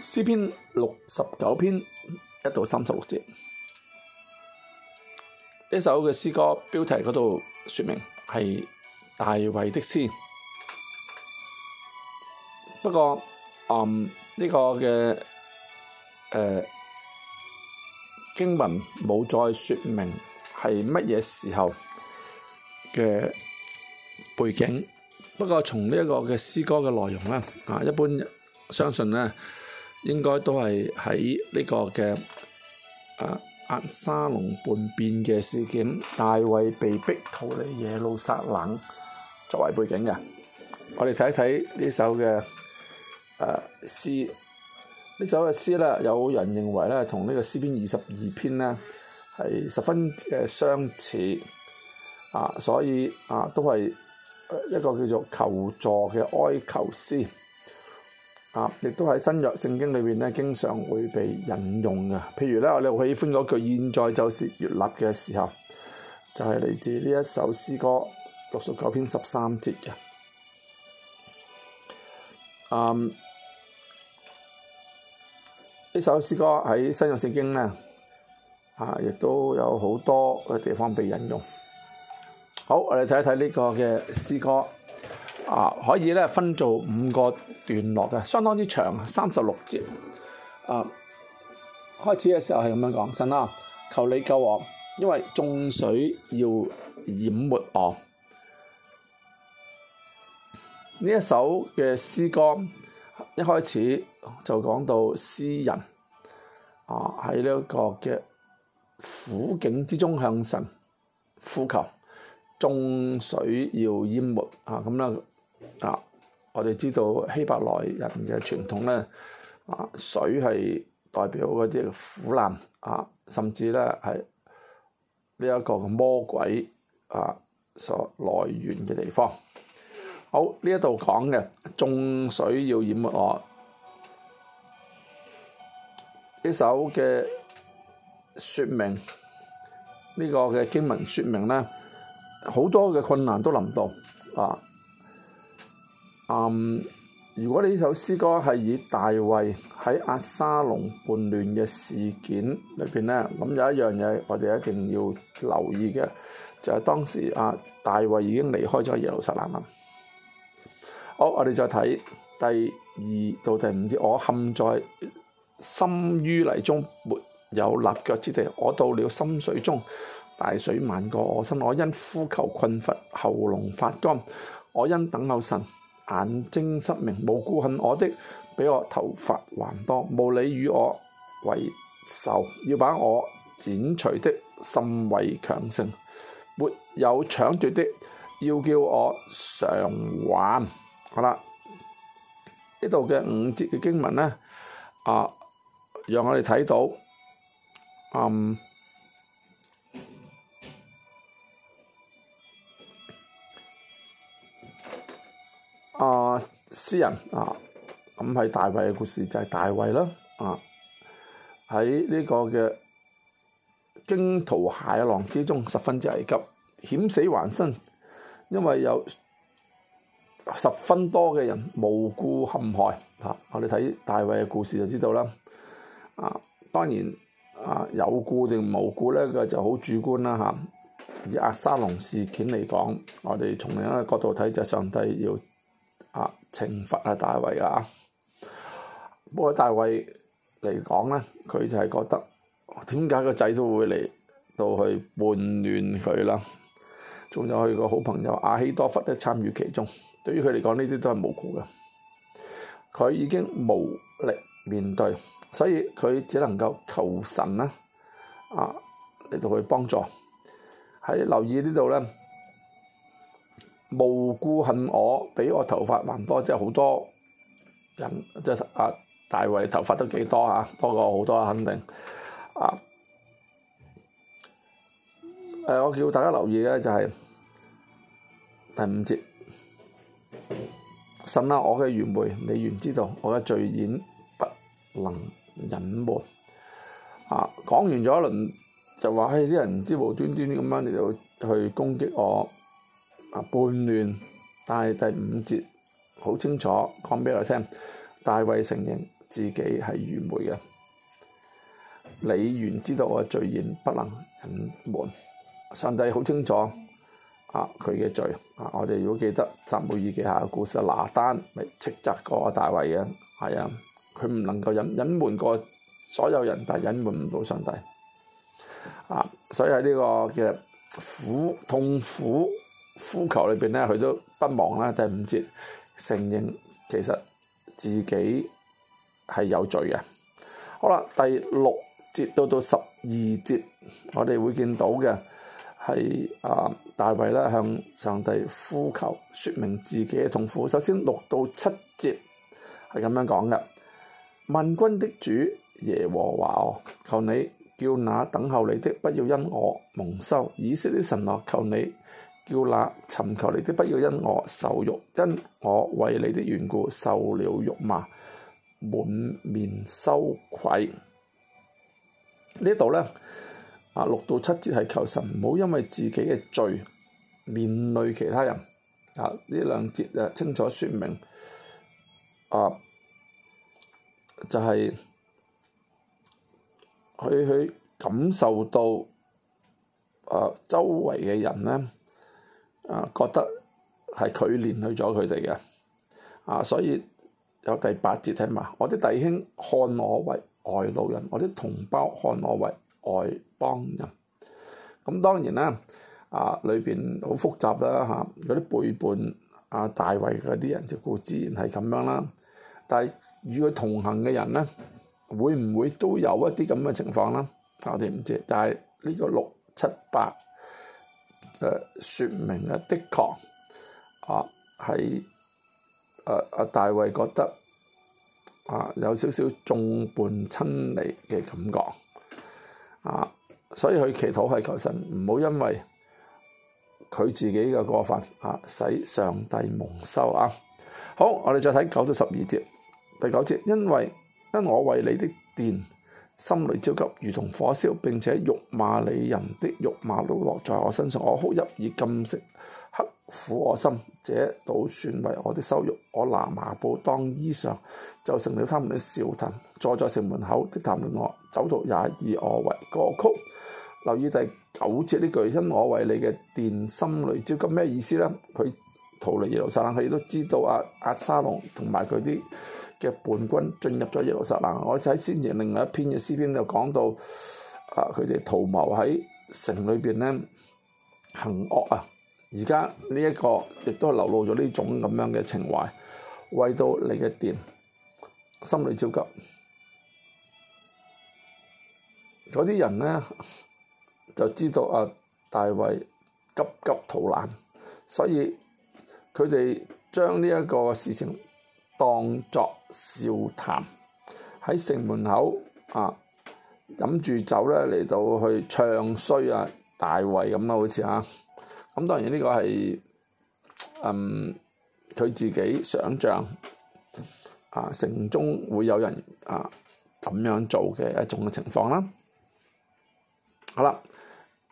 詩篇六十九篇一到三十六節，呢首嘅詩歌標題嗰度説明係大衛的詩，不過呢、嗯這個嘅誒經文冇再説明係乜嘢時候嘅背景，不過從呢一個嘅詩歌嘅內容呢，啊一般相信呢。應該都係喺呢個嘅誒押沙龍叛變嘅事件，大衛被逼逃離耶路撒冷作為背景嘅。我哋睇一睇呢首嘅誒、啊、詩，首詩呢首嘅詩啦，有人認為咧，同呢個詩篇二十二篇咧係十分嘅相似啊，所以啊，都係一個叫做求助嘅哀求詩。啊！亦都喺新約聖經裏邊呢，經常會被引用嘅。譬如呢，我哋好喜歡嗰句：現在就是悅納嘅時候，就係、是、嚟自呢一首詩歌六十九篇十三節嘅。啊、嗯！呢首詩歌喺新約聖經呢，啊，亦都有好多嘅地方被引用。好，我哋睇一睇呢個嘅詩歌。啊，可以咧分做五個段落嘅，相當之長，三十六節。啊，開始嘅時候係咁樣講，神啊，求你救我，因為眾水要淹沒我。呢一首嘅詩歌一開始就講到詩人啊喺呢一個嘅苦境之中向神呼求，眾水要淹沒啊咁啦。啊！我哋知道希伯來人嘅傳統咧，啊，水係代表嗰啲苦難啊，甚至咧係呢一個嘅魔鬼啊所來源嘅地方。好，呢一度講嘅眾水要淹沒我呢首嘅說明呢、這個嘅經文說明咧，好多嘅困難都臨到啊。Um, 如果你呢首詩歌係以大衛喺阿沙龍叛亂嘅事件裏邊呢，咁有一樣嘢我哋一定要留意嘅，就係、是、當時啊大衛已經離開咗耶路撒冷啦。好，我哋再睇第二到第五節。我陷在深淤泥中，沒有立腳之地。我到了深水中，大水漫過我心。我因呼求困乏，喉嚨發乾。我因等候神。眼睛失明，無辜恨我的，比我頭髮還多；無理與我為仇，要把我剪除的甚為強盛，沒有搶奪的，要叫我償還。好啦，呢度嘅五節嘅經文呢，啊、呃，讓我哋睇到，嗯。詩人啊，咁喺大衛嘅故事就係大衛啦，啊喺呢個嘅驚濤駭浪之中十分之危急，險死還生，因為有十分多嘅人無故陷害嚇、啊，我哋睇大衛嘅故事就知道啦。啊，當然啊有故定無故咧，佢就好主觀啦吓、啊啊，以阿沙龍事件嚟講，我哋從另一個角度睇就係、上帝要。懲罰啊，大衛啊！不過大衛嚟講咧，佢就係覺得點解個仔都會嚟到去叛亂佢啦？仲有佢個好朋友亞希多弗都參與其中。對於佢嚟講，呢啲都係無辜嘅。佢已經無力面對，所以佢只能夠求神啦，啊嚟到去幫助。喺留意呢度咧。無故恨我，比我頭髮還多，即係好多人，即係阿大衛頭髮都幾多嚇，多過我好多肯定。啊，誒、呃，我叫大家留意咧、就是，就係第五節，神啊，我嘅愚昧，你原知道，我嘅罪愆不能隱瞞。啊，講完咗一輪就話，嘿，啲人唔知無端端咁樣你就去攻擊我。啊，叛亂，但係第五節好清楚，講俾我聽。大衛承認自己係愚昧嘅，李元知道我罪愆不能隱瞞。上帝好清楚啊，佢嘅罪啊，我哋如果記得撒母耳記下嘅故事，拿單咪斥責過大衛嘅，係啊，佢唔能夠隱隱瞞過所有人，但係隱瞞唔到上帝。啊，所以喺呢個嘅苦痛苦。呼求裏邊呢，佢都不忘啦。第五節承認其實自己係有罪嘅。好啦，第六節到到十二節，我哋會見到嘅係啊，大衞咧向上帝呼求，説明自己嘅痛苦。首先六到七節係咁樣講嘅：萬軍的主耶和華哦，求你叫那等候你的不要因我蒙羞，以色列的神啊，求你。叫那，尋求你的，不要因我受辱，因我為你的緣故受了辱罵，滿面羞愧。呢度呢，六到七節係求神唔好因為自己嘅罪，連累其他人。啊，呢兩節清楚説明啊，就係去去感受到啊，周圍嘅人呢。啊，覺得係佢連累咗佢哋嘅，啊，所以有第八節聽嘛，我啲弟兄看我為外路人，我啲同胞看我為外邦人，咁當然啦，啊，裏邊好複雜啦嚇，有啲背叛啊大衞嗰啲人，就自然係咁樣啦，但係與佢同行嘅人咧，會唔會都有一啲咁嘅情況咧？我哋唔知，但係呢個六七八。誒，說明啊，的確，啊，係誒，阿大衛覺得啊，有少少眾叛親離嘅感覺，啊，所以佢祈禱係求，求神唔好因為佢自己嘅過分啊，使上帝蒙羞啊。好，我哋再睇九到十二節，第九節，因為因為我為你的殿。心裏焦急，如同火燒；並且辱罵你人的辱罵都落在我身上，我哭泣以禁食，刻苦我心，這倒算為我的羞辱。我拿麻布當衣裳，就成了他們的笑談。坐在城門口的談論我，酒徒也以我為歌曲。留意第九節呢句，因我為你嘅殿，心裏焦急咩意思呢？佢逃離耶路撒冷，佢亦都知道押沙龍同埋佢啲，啊嘅叛軍進入咗耶路撒冷，我睇先前另外一篇嘅詩篇就講到，啊佢哋圖謀喺城裏邊咧行惡啊，而家呢一個亦都流露咗呢種咁樣嘅情懷，為到你嘅殿心裏焦急，嗰啲人咧就知道啊大衛急急逃難，所以佢哋將呢一個事情。當作笑談，喺城門口啊飲住酒咧嚟到去唱衰啊大衛咁啊，好似啊，咁當然呢個係嗯佢自己想象啊城中會有人啊咁樣做嘅一種嘅情況啦。好啦，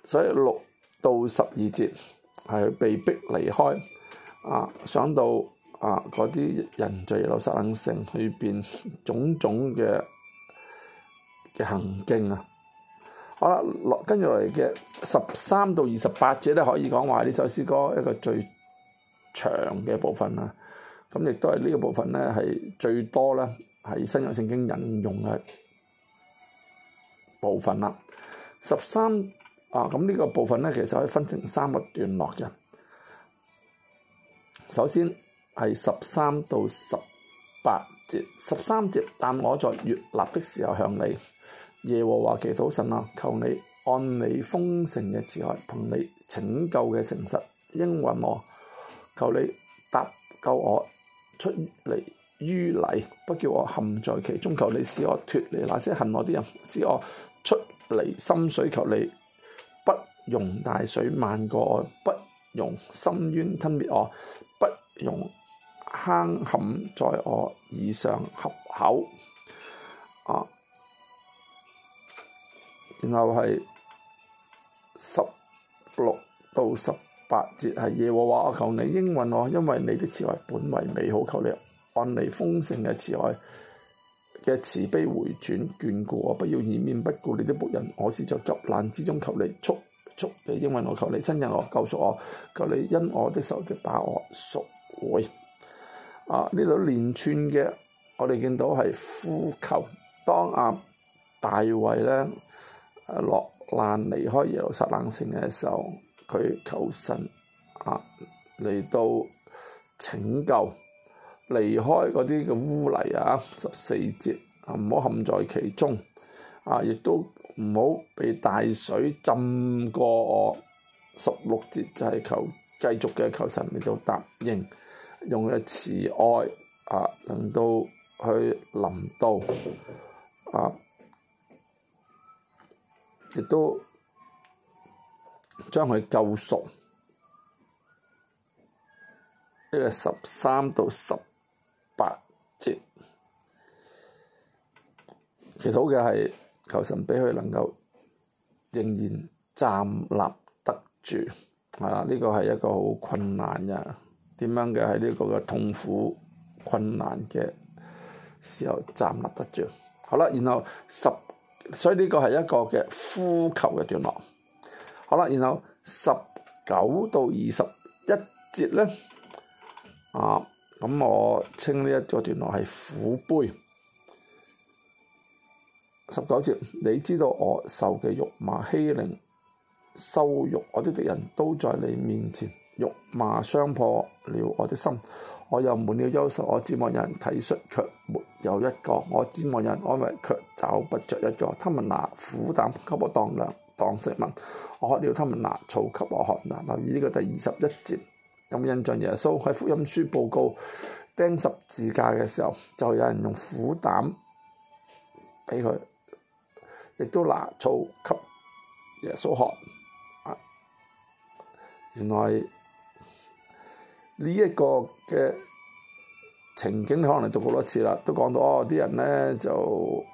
所以六到十二節係被逼離開啊，想到。啊！嗰啲人在耶路撒冷城裏邊種種嘅嘅行徑啊，好啦，落跟住嚟嘅十三到二十八節咧，可以講話呢首詩歌一個最長嘅部分啦。咁亦都係呢個部分咧係最多咧係新約聖經引用嘅部分啦。十三啊，咁呢個部分咧其實可以分成三個段落嘅。首先。係十三到十八節，十三節，但我在悅納的時候向你，耶和華祈禱。神啊，求你按你豐盛嘅慈愛，憑你拯救嘅誠實應允我，求你搭救我出離淤泥，不叫我陷在其中，求你使我脫離那些恨我啲人，使我出離深水，求你不容大水漫過我，不容深淵吞滅我，不容。坑坎在我以上合口，啊，然後係十六到十八節，係耶和華，我我求你應允我，因為你的慈愛本為美好，求你按你豐盛嘅慈愛嘅慈悲回轉眷顧我，不要掩面不顧你的僕人，我是在急難之中，求你速，速速地應允我，求你親近我，救贖我，求你因我的仇敵把我贖回。啊！呢度連串嘅，我哋見到係呼求。當亞、啊、大衛咧落難離開耶路撒冷城嘅時候，佢求神啊嚟到拯救，離開嗰啲嘅污泥啊，十四節啊唔好陷在其中。啊，亦都唔好被大水浸過我。十六節就係求繼續嘅求神嚟到答應。用佢嘅慈愛啊，令到去臨到啊，亦都將佢救贖，呢個十三到十八節，祈禱嘅係求神畀佢能夠仍然站立得住，係呢個係一個好困難嘅。點樣嘅喺呢個嘅痛苦困難嘅時候站立得住？好啦，然後十，所以呢個係一個嘅呼求嘅段落。好啦，然後十九到二十一節咧，啊，咁我稱呢一個段落係苦杯。十九節，你知道我受嘅辱罵、欺凌、羞辱，我啲敵人都在你面前。辱罵傷破了我的心，我又滿了憂愁。我指望有人體恤，卻沒有一個；我指望有人安慰，卻找不着一個。他們拿苦膽給我當糧當食物，我渴了他們拿醋給我喝。嗱，留意呢個第二十一節，有冇印象？耶穌喺福音書報告釘十字架嘅時候，就有人用苦膽俾佢，亦都拿醋給耶穌喝。啊，原來。呢、這、一個嘅情景可能讀好多次啦，都講到哦，啲人咧就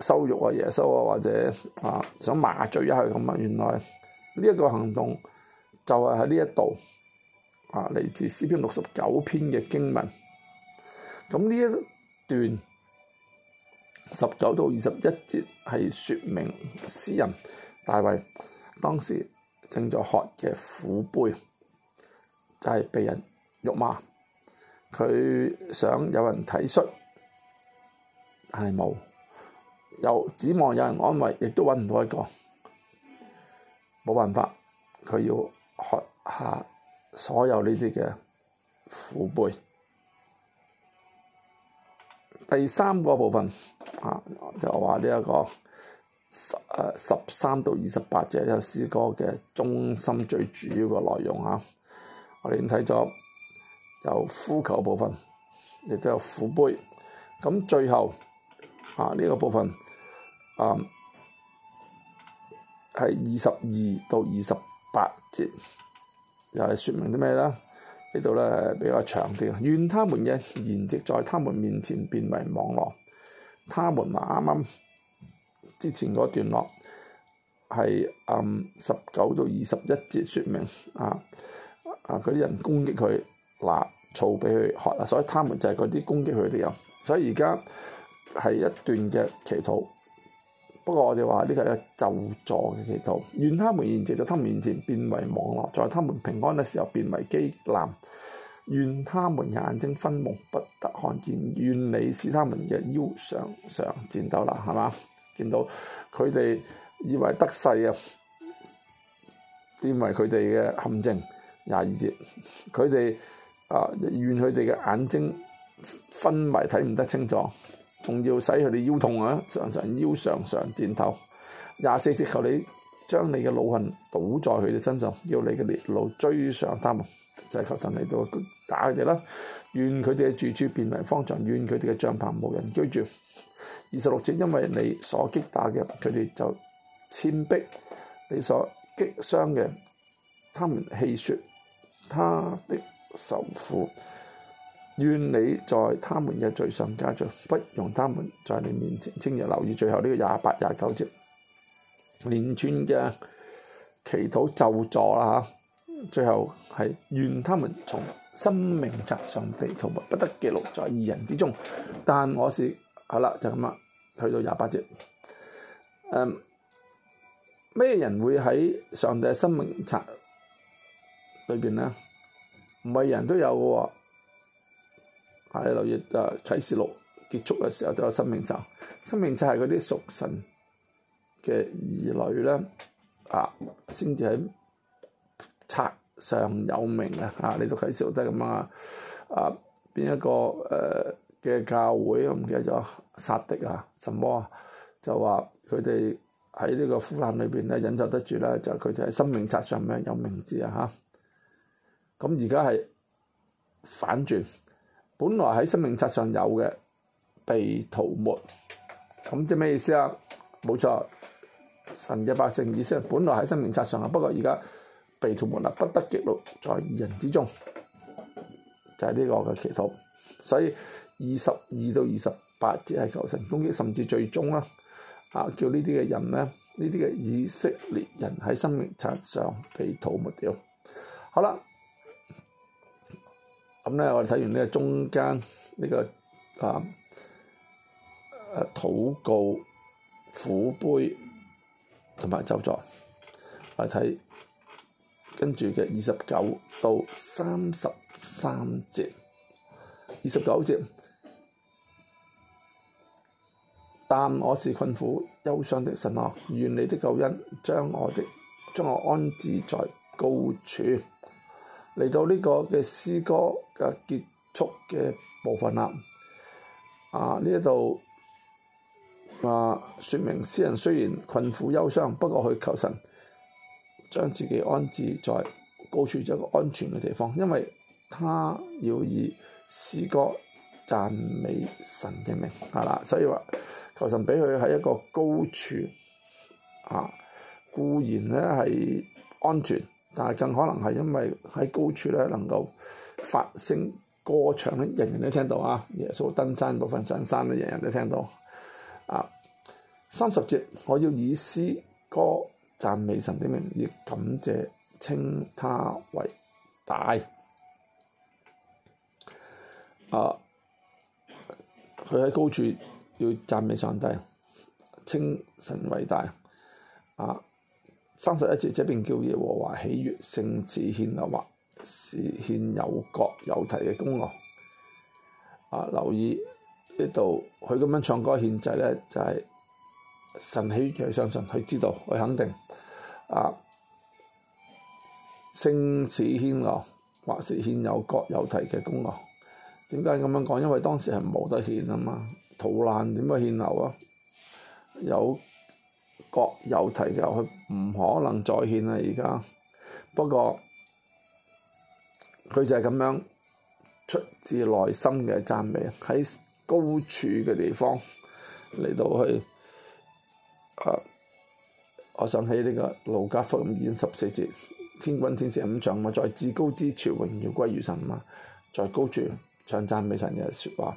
羞辱啊，耶穌啊，或者啊想麻醉一下咁啊。原來呢一個行動就係喺呢一度啊，嚟自詩篇六十九篇嘅經文。咁呢一段十九到二十一節係説明詩人大衛當時正在喝嘅苦杯。就係、是、畀人辱罵，佢想有人體恤，但係冇；又指望有人安慰，亦都揾唔到一個。冇辦法，佢要學下、啊、所有呢啲嘅父輩。第三個部分啊，就話呢一個十、啊、十三到二十八隻呢個詩歌嘅中心最主要嘅內容啊。我哋睇咗有呼求部分，亦都有苦杯。咁最後啊，呢、呢個部分啊係二十二到二十八節，又係説明啲咩啦？呢度咧比較長啲。願他們嘅筵席在他們面前變為網羅。他們啱啱之前嗰段落係嗯十九到二十一節説明啊。啊！啲人攻擊佢，嗱，造畀佢害啊，所以他們就係嗰啲攻擊佢啲人。所以而家係一段嘅祈禱。不過我哋話呢個係咒詛嘅祈禱，願他們現前在他們面前變為網羅，在他們平安嘅時候變為機檻。願他們眼睛昏蒙，不得看見。願你使他們嘅腰常常戰抖啦，係嘛？見到佢哋以為得勢啊，變為佢哋嘅陷阱。廿二節，佢哋啊，願佢哋嘅眼睛昏迷，睇唔得清楚，仲要使佢哋腰痛啊！常常腰上上，腰上，上戰抖。廿四節，求你將你嘅惱恨倒在佢哋身上，要你嘅烈怒追上他們，就係、是、求神嚟到打佢哋啦。願佢哋嘅住處變為荒場，願佢哋嘅帳棚無人居住。二十六節，因為你所擊打嘅佢哋就遷逼，你所擊傷嘅他們氣血，他的愁苦，願你在他們嘅罪上加罪，不容他們在你面前。聽日留意最後呢個廿八廿九節連串嘅祈禱就座啦、啊、最後係願他們從生命冊上被塗抹，不得記錄在義人之中。但我是好啦，就咁啦，去到廿八節。咩、嗯、人會喺上帝嘅生命冊？裏邊呢，唔係人都有嘅喎、啊，喺《路易誒啟示錄》結束嘅時候都有生命冊。生命冊係嗰啲屬神嘅兒女咧，啊，先至喺冊上有名啊！啊，你讀啟示錄都係咁啊！啊，邊一個誒嘅、呃、教會我唔記得咗，撒的啊，什麼、啊、就話佢哋喺呢個苦難裏邊咧忍受得住啦，就佢哋喺生命冊上面有名字啊！嚇、啊、～咁而家係反轉，本來喺生命冊上有嘅被塗抹，咁即係咩意思啊？冇錯，神嘅百姓以色列，本來喺生命冊上，不過而家被塗抹啦，不得記錄在義人之中，就係、是、呢個嘅祈禱。所以二十二到二十八節係求神攻擊，甚至最終啦，啊叫呢啲嘅人呢，呢啲嘅以色列人喺生命冊上被塗抹掉。好啦。咁咧，我哋睇完呢個中間呢、這個啊誒禱告苦悲同埋咒詛嚟睇，跟住嘅二十九到三十三節，二十九節，但我是困苦憂傷的神啊，願你的救恩將我的將我安置在高處。嚟到呢個嘅詩歌嘅結束嘅部分啦，啊呢一度啊，說明詩人雖然困苦憂傷，不過佢求神將自己安置在高處，在一個安全嘅地方，因為他要以詩歌讚美神嘅名，係啦，所以話求神畀佢喺一個高處，啊固然咧係安全。但係更可能係因為喺高處，能夠發聲歌唱，人人都聽到啊！耶穌登山部分上山咧，人人都聽到。的人人聽到啊、三十節，我要以詩歌讚美神的名，以感謝稱祂為大。佢、啊、喺高處要讚美上帝，稱神為大。啊三十一節，這邊叫耶和華喜悅，勝似獻牛或是獻有角有蹄嘅公牛。啊，留意呢度，佢咁樣唱歌獻祭呢，就係、是、神喜悅，佢相信佢知道，佢肯定。啊，勝似獻牛，或是獻有角有蹄嘅公牛。點解咁樣講？因為當時係冇得獻啊嘛，逃難點樣獻牛啊？流有。各有提及，佢唔可能再獻啦，而家不過佢就係咁樣出自內心嘅讚美，喺高處嘅地方嚟到去啊！我想起呢個《路加福音》十四節：天軍天使五長嘛，在至高之處榮耀歸於神嘛，在高處唱讚美神嘅説話，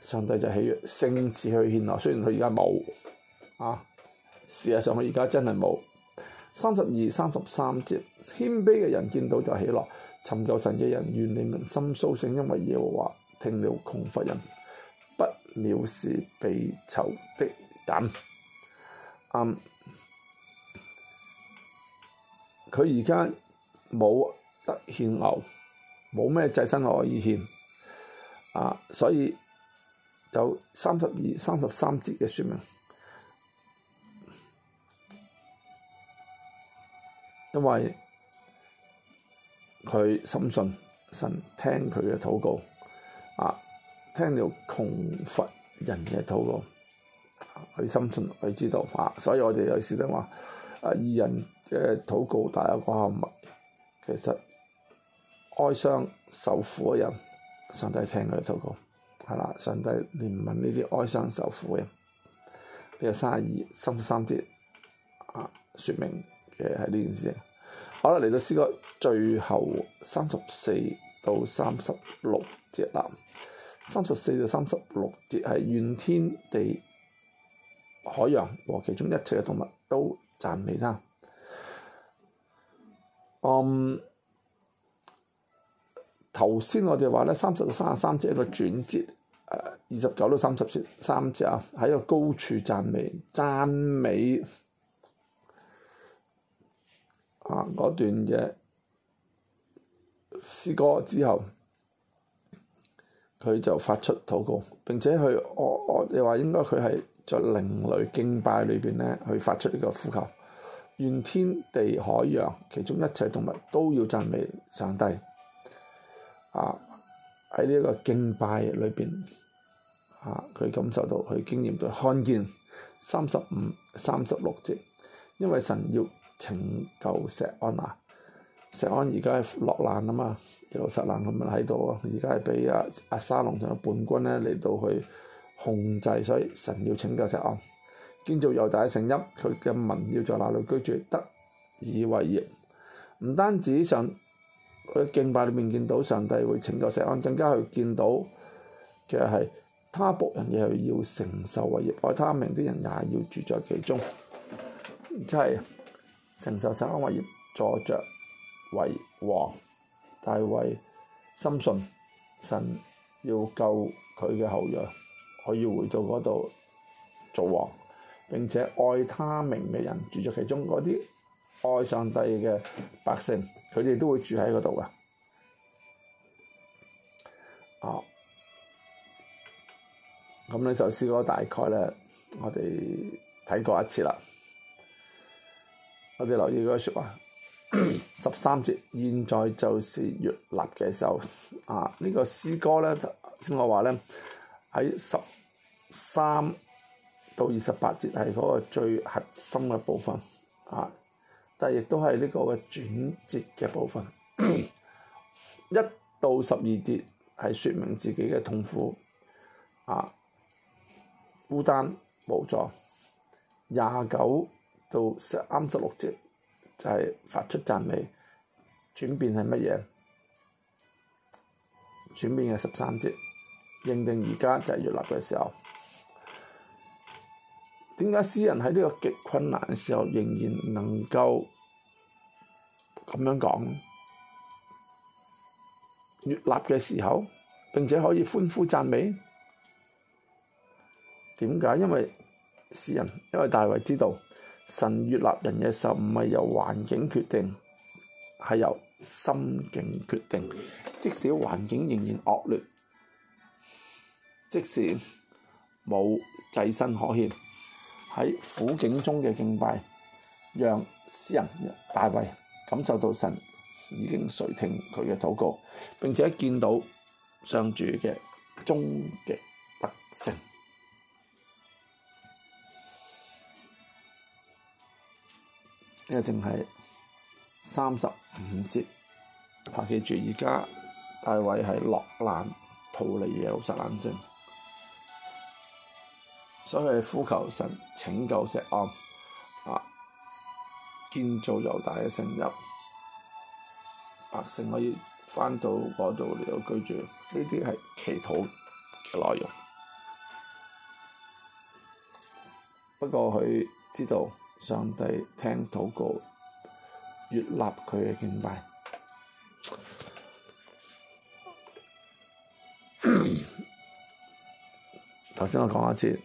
上帝就起聖子去獻啊！雖然佢而家冇啊～事實上，我而家真係冇三十二、三十三節，謙卑嘅人見到就起來，尋求神嘅人願你們心甦醒，因為耶和華聽了窮乏人，不藐視被囚的人。佢而家冇得獻牛，冇咩祭牲可以獻啊，所以有三十二、三十三節嘅説明。因為佢深信神聽佢嘅禱告，啊，聽了窮乏人嘅禱告，佢深信佢知道啊。所以我哋有時都話，啊，異人嘅禱告，大家哇，其實哀傷受苦嘅人，上帝係聽佢嘅禱告，係啦，上帝都憐憫呢啲哀傷受苦嘅。呢個三十二三十三節啊，說明。係呢件事好啦，嚟到詩哥最後三十四到三十六節啦，三十四到三十六節係願天地海洋和其中一切嘅動物都讚美他。嗯，頭先我哋話咧，三十到三十三節一個轉折，二十九到三十節三節啊，喺一個高處讚美讚美。讚美。啊！嗰段嘅詩歌之後，佢就發出禱告，並且佢，我我哋話應該佢係在靈裡敬拜裏邊咧，去發出呢個呼求，願天地海洋其中一切動物都要讚美上帝。啊！喺呢一個敬拜裏邊啊，佢感受到佢經驗，在看見三十五、三十六節，因為神要。拯救錫安啊！錫安而家落難啊嘛，一路石欄咁啊喺度啊！而家係俾阿押沙龍同阿叛軍咧嚟到去控制，所以神要拯救錫安。建造猶大嘅城邑，佢嘅民要在哪裏居住？得以為業。唔單止上佢敬拜裏面見到上帝會拯救錫安，更加去見到其實係他僕人亦係要承受為業，愛他名啲人也要住在其中，即係。承受神話業，坐着為王，大衛深信神要救佢嘅後裔，可以回到嗰度做王，並且愛他名嘅人住在其中。嗰啲愛上帝嘅百姓，佢哋都會住喺嗰度㗎。哦，咁呢就首詩大概咧，我哋睇過一次啦。我哋留意嗰個説話，啊，十三節現在就是約納嘅時候。啊，這個、詩呢個詩歌咧，頭先我話咧，喺十三到二十八節係嗰個最核心嘅部分。啊，但亦都係呢個嘅轉折嘅部分，啊。一到十二節係説明自己嘅痛苦。啊，孤單無助。廿九。到三十六節就係、是、發出讚美，轉變係乜嘢？轉變係十三節，認定而家就係悅納嘅時候。點解詩人喺呢個極困難嘅時候仍然能夠咁樣講？悅納嘅時候，並且可以歡呼讚美，點解？因為詩人，因為大衞知道。神悅納人嘅時候唔係由環境決定，係由心境決定。即使環境仍然惡劣，即使冇祭牲可獻，喺苦境中嘅敬拜，讓詩人大衛感受到神已經垂聽佢嘅禱告，並且見到上主嘅終極特性。一定係三十五節，啊！記住，而家大衞係落難逃離耶路撒冷城，所以呼求神拯救錫安，啊！建造猶大嘅城邑。百姓可以翻到嗰度嚟到居住，呢啲係祈禱嘅內容。不過佢知道。上帝聽禱告，悅納佢嘅敬拜。頭先 我講一次，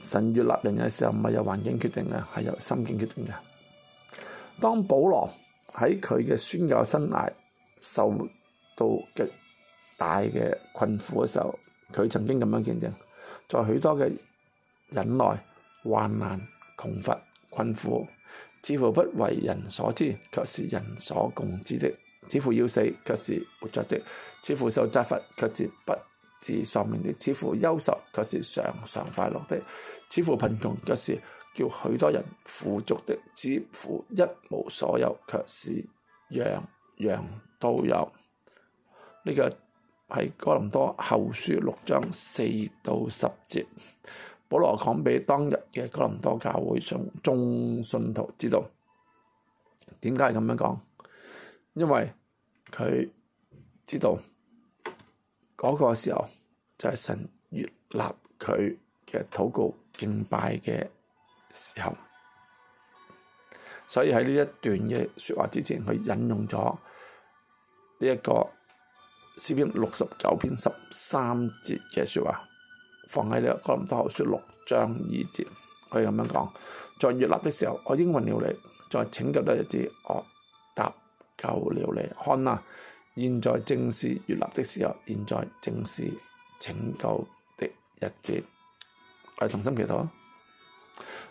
神悅納人嘅時候，唔係由環境決定嘅，係由心境決定嘅。當保羅喺佢嘅宣教生涯受到極大嘅困苦嘅時候，佢曾經咁樣見證，在許多嘅忍耐、患難、窮乏、困苦，似乎不為人所知，卻是人所共知的；似乎要死，卻是活着的；似乎受責罰，卻是不至喪命的；似乎憂愁，卻是常常快樂的；似乎貧窮，卻是叫許多人富足的；似乎一無所有，卻是樣樣都有。呢、這個係哥林多後書六章四到十節。保羅講畀當日嘅哥林多教會眾眾信徒知道，點解咁樣講？因為佢知道嗰個時候就係神悅納佢嘅禱告敬拜嘅時候，所以喺呢一段嘅說話之前，佢引用咗呢一個詩篇六十九篇十三節嘅說話。放喺咗《哥林多後書》六章二節，可以咁樣講，在悅納的時候，我應允了你；在拯救的日子，我搭救了你。看哪，現在正是悅納的時候，現在正是拯救的日子。我同心祈禱，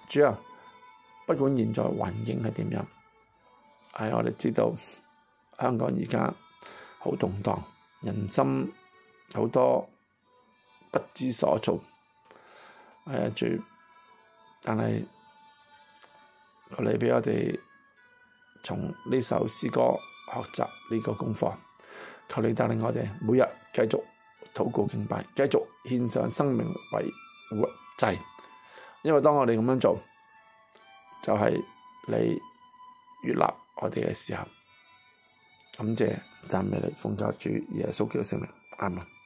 主啊，不管現在環境係點樣，係、哎、我哋知道香港而家好動盪，人心好多。不知所措、呃，但係求你畀我哋從呢首詩歌學習呢個功課，求你帶領我哋每日繼續禱告敬拜，繼續獻上生命為活祭，因為當我哋咁樣做，就係、是、你悅納我哋嘅時候。感謝讚美嚟奉教主耶穌基督聖名，阿門。